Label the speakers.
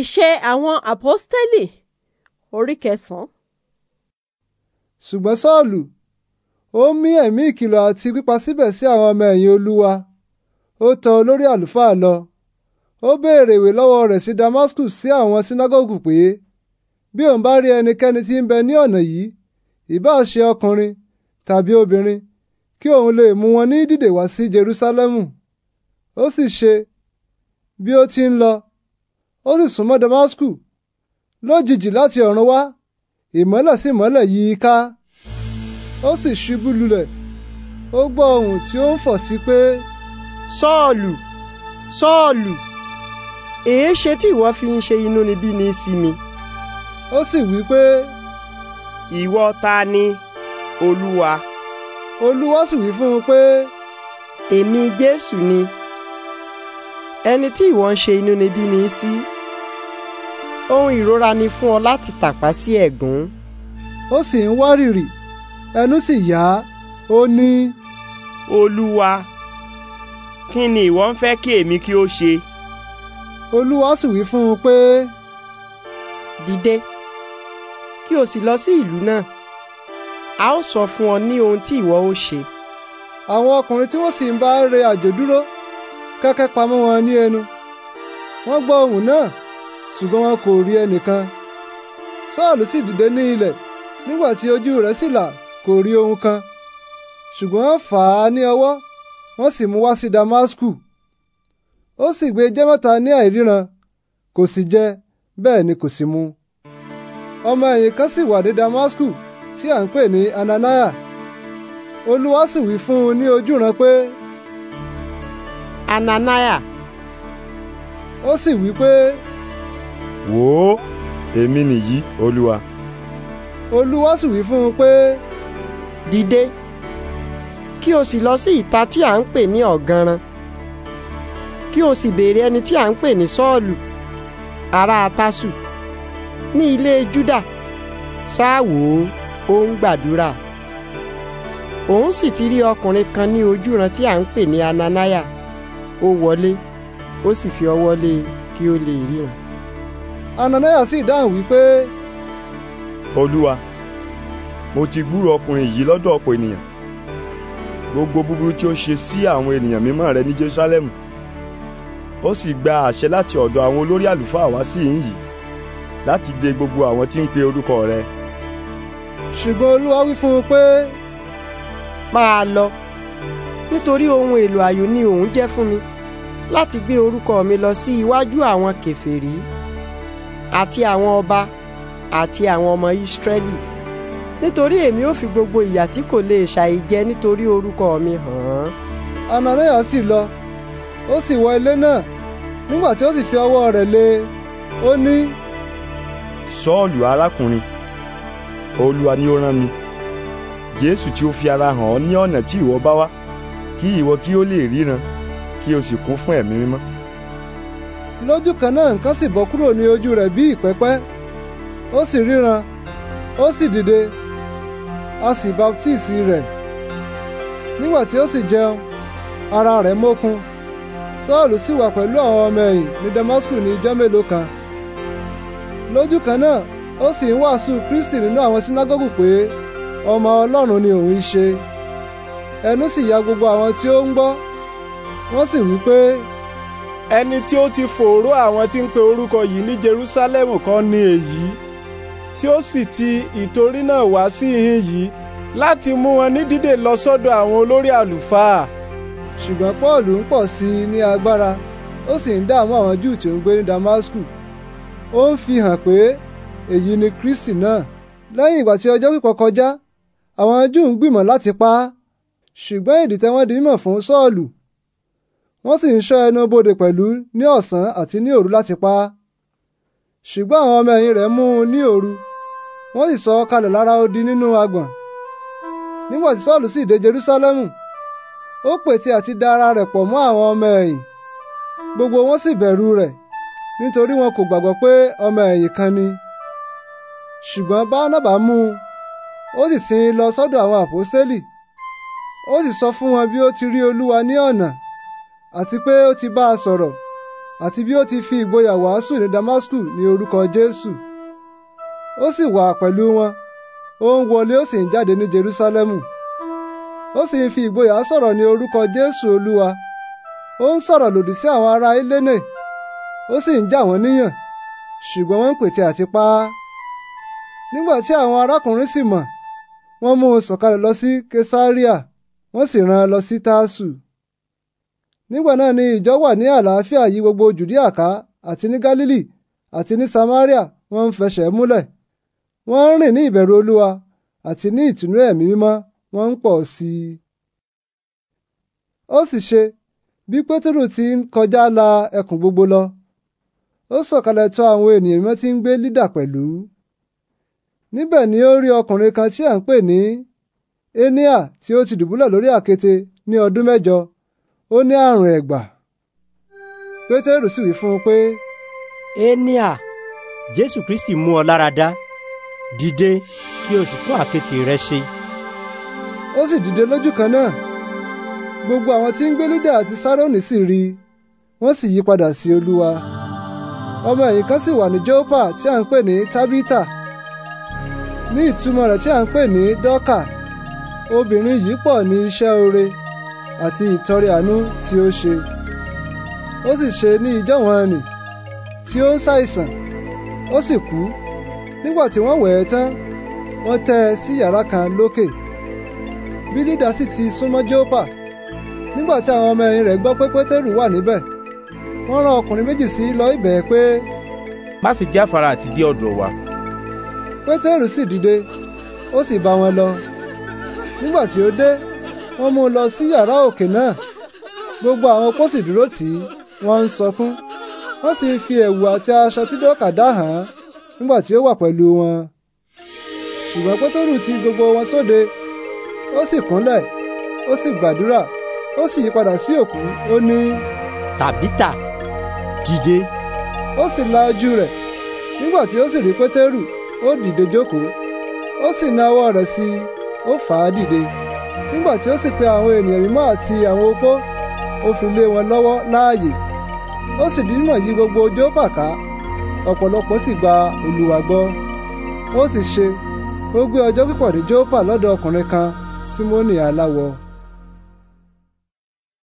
Speaker 1: Ìṣe àwọn Àpọ́stélì orí kẹsàn-án.
Speaker 2: Ṣùgbọ́n Sọ́ọ̀lù, ó mí ẹ̀mí ìkìlọ̀ àti pípasíbẹ̀ sí àwọn ọmọ ẹ̀yìn Olúwa. Ó tọ olórí àlùfáà lọ. Ó béèrè ìwé lọ́wọ́ rẹ̀ sí Damasku sí àwọn sínágọ́gù pé, bí òun bá rí ẹnikẹ́ni tí ń bẹ ní ọ̀nà yìí, ìbá ṣe ọkùnrin tàbí obìnrin, kí òun lè mú wọn ní dìde wá sí Jerúsálẹ́mù. Ó sì ṣe bí ó ti ń lọ ó sì súnmọ́ damasku lójijì láti ọ̀run wá ìmọ́lẹ̀ sí ìmọ́lẹ̀ yí i ká ó sì ṣubú lulẹ̀ ó gbọ́ ohùn tí ó ń fọ̀ sí pé. sọ́ọ̀lù sọ́ọ̀lù èéṣe
Speaker 1: tí ìwọ fi ń ṣe inúnibíni sí mi. ó sì wí pé. ìwọ ta ni olúwa. olúwa sì wí fún un pé. èmi jésù ni ẹni tí ìwọ ń ṣe inúnibíni sí. Si ohun ìrora ni fún ọ láti tàpá sí ẹ̀gún. ó sì ń wárìrì ẹnu sì yá ó ní. olúwa kí ni ìwọ ń fẹ́ kí èmi kí ó ṣe. olúwa sì wí fún un pé. dìde kí o sì lọ sí ìlú náà a ó sọ fún ọ ní ohun tí ìwọ ó ṣe. àwọn ọkùnrin tí wọ́n sì
Speaker 2: ń bá re àjò dúró kẹ́kẹ́ pamọ́ wọn ní ẹnu wọ́n gbọ́ ohùn náà ṣùgbọ́n wọn kò rí ẹnìkan Sọ́ọ̀lù sì dìde ní ilẹ̀ nígbà tí ojú rẹ̀ sì là kò rí ohun kan ṣùgbọ́n wọ́n fà á ní ọwọ́ wọ́n sì mú wá sí Damasku ó sì gbé jẹ́ mẹ́ta ní àìríran kò sì jẹ bẹ́ẹ̀ ni kò sì mu ọmọ ẹ̀yìn kan sì wà ní Damasku tí à ń pè ní Ananaya Olúwa sì wí fún un ní ojúran pé Ananaya ó sì wí pé.
Speaker 1: wò ó èmi nìyí olúwa. olúwa sì wí fún un pé dìde kí o sì lọ sí ìta tí à ń pè ní ọ̀ganran kí o sì béèrè ẹni tí à ń pè ní sọ́ọ̀lù ara tásù ní ilé juda ṣáà wò ó ó ń gbàdúrà òun sì ti rí ọkùnrin kan ní ojúran tí à ń pè ní ananaya ó wọlé ó sì fi ọwọ́ lé o e kí ó lè ríran ananiya sì dáhùn wípé. olúwa mo ti gbúrò ọkùnrin yìí lọ́dọ̀ ọ̀pọ̀ ènìyàn gbogbo búburú tí ó ṣe sí àwọn ènìyàn mímọ́ rẹ ní jerusalem ó sì gba àṣẹ láti ọ̀dọ̀ àwọn olórí àlùfáà wá sí ìhín yìí láti de gbogbo àwọn tí ń pe orúkọ rẹ. ṣùgbọ́n olúwa wí fún un pé. máa lọ nítorí ohun èlò àyò ni òun jẹ́ fún mi láti gbé orúkọ mi lọ sí iwájú àwọn kèfèrí àti àwọn ọba àti àwọn ọmọ Ísírẹ́lì nítorí èmi ò fi gbogbo ìyà tí kò lè ṣàìjẹ nítorí orúkọ mi hàn án.
Speaker 2: Ananiya sì lọ ó sì wọ ilé náà nígbà tí ó sì fi ọwọ́ rẹ̀ lé e ó ní.
Speaker 1: Sọ́ọ̀lù arákùnrin Olúwa ni ó rán mi Jésù tí ó fi ara hàn ọ́ ní ọ̀nà tí ìwọ bá wá kí ìwọ kí
Speaker 2: ó lè ríran kí o sì kún fún ẹ̀mí mímọ́. lójú kan náà nǹkan sì bọ́ kúrò ní ojú rẹ̀ bí ìpẹ́pẹ́ ó sì ríran ó sì dìde a sì baptisi rẹ̀ nígbà tí ó sì jẹun ara rẹ̀ mókun Sọ́ọ̀lù sì wà pẹ̀lú àwọn ọmọ ẹ̀yìn ní Damasku ní ijọ́ mélòó kan lójú kan náà ó sì ń wàásù Kristi nínú àwọn sínágọ́gù pé ọmọ Ọlọ́run ni òun ṣe ẹnu sì ya gbogbo àwọn tí ó ń gbọ́ wọ́n sì wí pé. ẹni tí ó ti fòòró àwọn tí ń pe orúkọ
Speaker 1: yìí ní Jerusalem kan ní èyí tí ó sì ti ìtorí náà wá
Speaker 2: sí ìhín yìí láti mú wọn ní dídè lọ sọ́dọ̀ àwọn olórí àlùfáà. ṣùgbọ́n Paul ń pọ̀ sí i ní agbára ó sì ń dààmú àwọn Júù tí ó ń gbé ní Damasku ó ń fi hàn pé èyí ni Kristi náà lẹ́yìn ìgbà tí ọjọ́ pípọ̀ kọjá àwọn Júù ń gbìmọ̀ láti pa á ṣùgbọ́n ìdìtẹ̀ wọn di mímọ̀ fún Sọ́ọ̀lù wọ́n sì ń ṣọ́ ẹnu bodè pẹ̀lú ní ọ̀sán àti ní òru láti pa á ṣùgbọ́n àwọn ọmọ ẹ̀yìn rẹ̀ mú un ní òru wọ́n sì sọ ọ́ kalẹ̀ lára odi nínú agbọ̀n nígbà tí sọ́ọ̀lù sì dé jerúsálẹ́mù ó pète àti da ara rẹ̀ pọ̀ mọ́ àwọn ọmọ ẹ̀yìn gbogbo wọn sì bẹ̀rù rẹ̀ nítorí wọn kò gbàgbọ́ pé ọmọ ẹ̀yìn kan ni ṣùgbọ́n bánábà mú un ó sì sin lọ sọ́dọ̀ àwọn àpòsẹ́lì ó sì sọ fún wọn bí ó ti rí olúwa ní ọ̀nà àti pé ó ti bá a sọ̀rọ̀ àti bí ó ti fi ìgboyà wàásù ní Damasku ní orúkọ Jésù ó sì wà pẹ̀lú wọn ó ń wọlé ó sì ń jáde ní Jerúsálẹ́mù ó sì ń fi ìgboyà sọ̀rọ̀ ní orúkọ Jésù Olúwa ó ń sọ̀rọ̀ lòdì sí àwọn ará Hélénè ó sì ń jà wọ́n níyàn ṣùgbọ́n wọ́n ń pète àti pa á nígbà tí àwọn arákùnrin sì mọ̀ wọ́n mú un sọ̀kalẹ̀ lọ sí Kesaria wọ́n sì rán an lọ sí Tásù nígbà náà ni ìjọ wà ní àlàáfíà yí gbogbo jùdíà ká àti ní gálílì àti ní samaria wọ́n ń fẹsẹ̀ múlẹ̀ wọ́n ń rìn ní ìbẹ̀rù olúwa àti ní ìtùnú ẹ̀mí mímọ́ wọ́n ń pọ̀ sí i. ó sì ṣe bí pétérù ti ń kọjá la ẹkùn gbogbo lọ ó sọ̀kalẹ̀ tọ̀ àwọn ènìyàn mímọ́ tí ń gbé lídà pẹ̀lú níbẹ̀ ni ó rí ọkùnrin kan tí à ń pè ní enia tí ó ti dùbúlẹ̀ lórí àkéte ní ọdún mẹ́jọ ó ní àrùn ẹ̀gbà pétérù sì wí fún un pé. éníà jésù kristi mú ọ lára dá dìde kí o sì tún
Speaker 1: àkekèé rẹ ṣe.
Speaker 2: ó sì dìde lójú kan náà gbogbo àwọn tí ń gbé lídà àti sárónì sì rí i wọ́n sì yí padà sí olúwa ọmọ ẹ̀yìn kan sì wà ní jọ́pà tí à ń pè ní tábítà ní ìtumọ̀ rẹ̀ tí à ń pè ní dọ́kà obìnrin yìí pọ̀ ní iṣẹ́ oore. àti ìtọrẹ àánú tí ó ṣe ó sì ṣe ní ìjọ́wọ́n nì tí ó ṣàìsàn ó sì kú nígbà tí wọ́n wẹ̀ ẹ́ tán wọ́n tẹ́ ẹ sí yàrá kan lókè bí lídà sì ti súnmọ́ jópa nígbà tí àwọn ọmọ ẹ̀yìn rẹ̀ gbọ́ pé pétérù wà níbẹ̀ wọ́n rán ọkùnrin méjì sí lọ ibẹ̀ pé. má sì
Speaker 1: jáfara àti dé ọ̀dọ̀ wa.
Speaker 2: pétérù sì dìde ó sì bá wọn lọ nígbà tí ó dé wọ́n mú un lọ sí yàrá òkè náà gbogbo àwọn opó sì dúró tì í wọ́n ń sọkún wọ́n sì fi ẹ̀wù àti aṣọ tí dọ́kà dá hàn nígbà tí ó wà pẹ̀lú wọn ṣùgbọ́n pétérù ti gbogbo wọn sóde ó sì kúnlẹ̀ ó sì gbàdúrà ó sì yí padà sí òkú ó ní. tàbítà dìde. ó sì la ojú rẹ̀ nígbà tí ó sì rí pétérù ó dìde jókòó ó sì na ọwọ́ rẹ̀ sí i ó fà á dìde. nígbà tí ó sì pe àwọn ènìyàn mímọ́ àti àwọn opó ó fi lé wọn lọ́wọ́ láàyè ó sì dínà yí gbogbo Jópa ká ọ̀pọ̀lọpọ̀ sì gba Olúwa gbọ́ ó sì ṣe ó gbé ọjọ́ pípọ̀ dé Jópa lọ́dọ̀ ọkùnrin kan simoni alawo.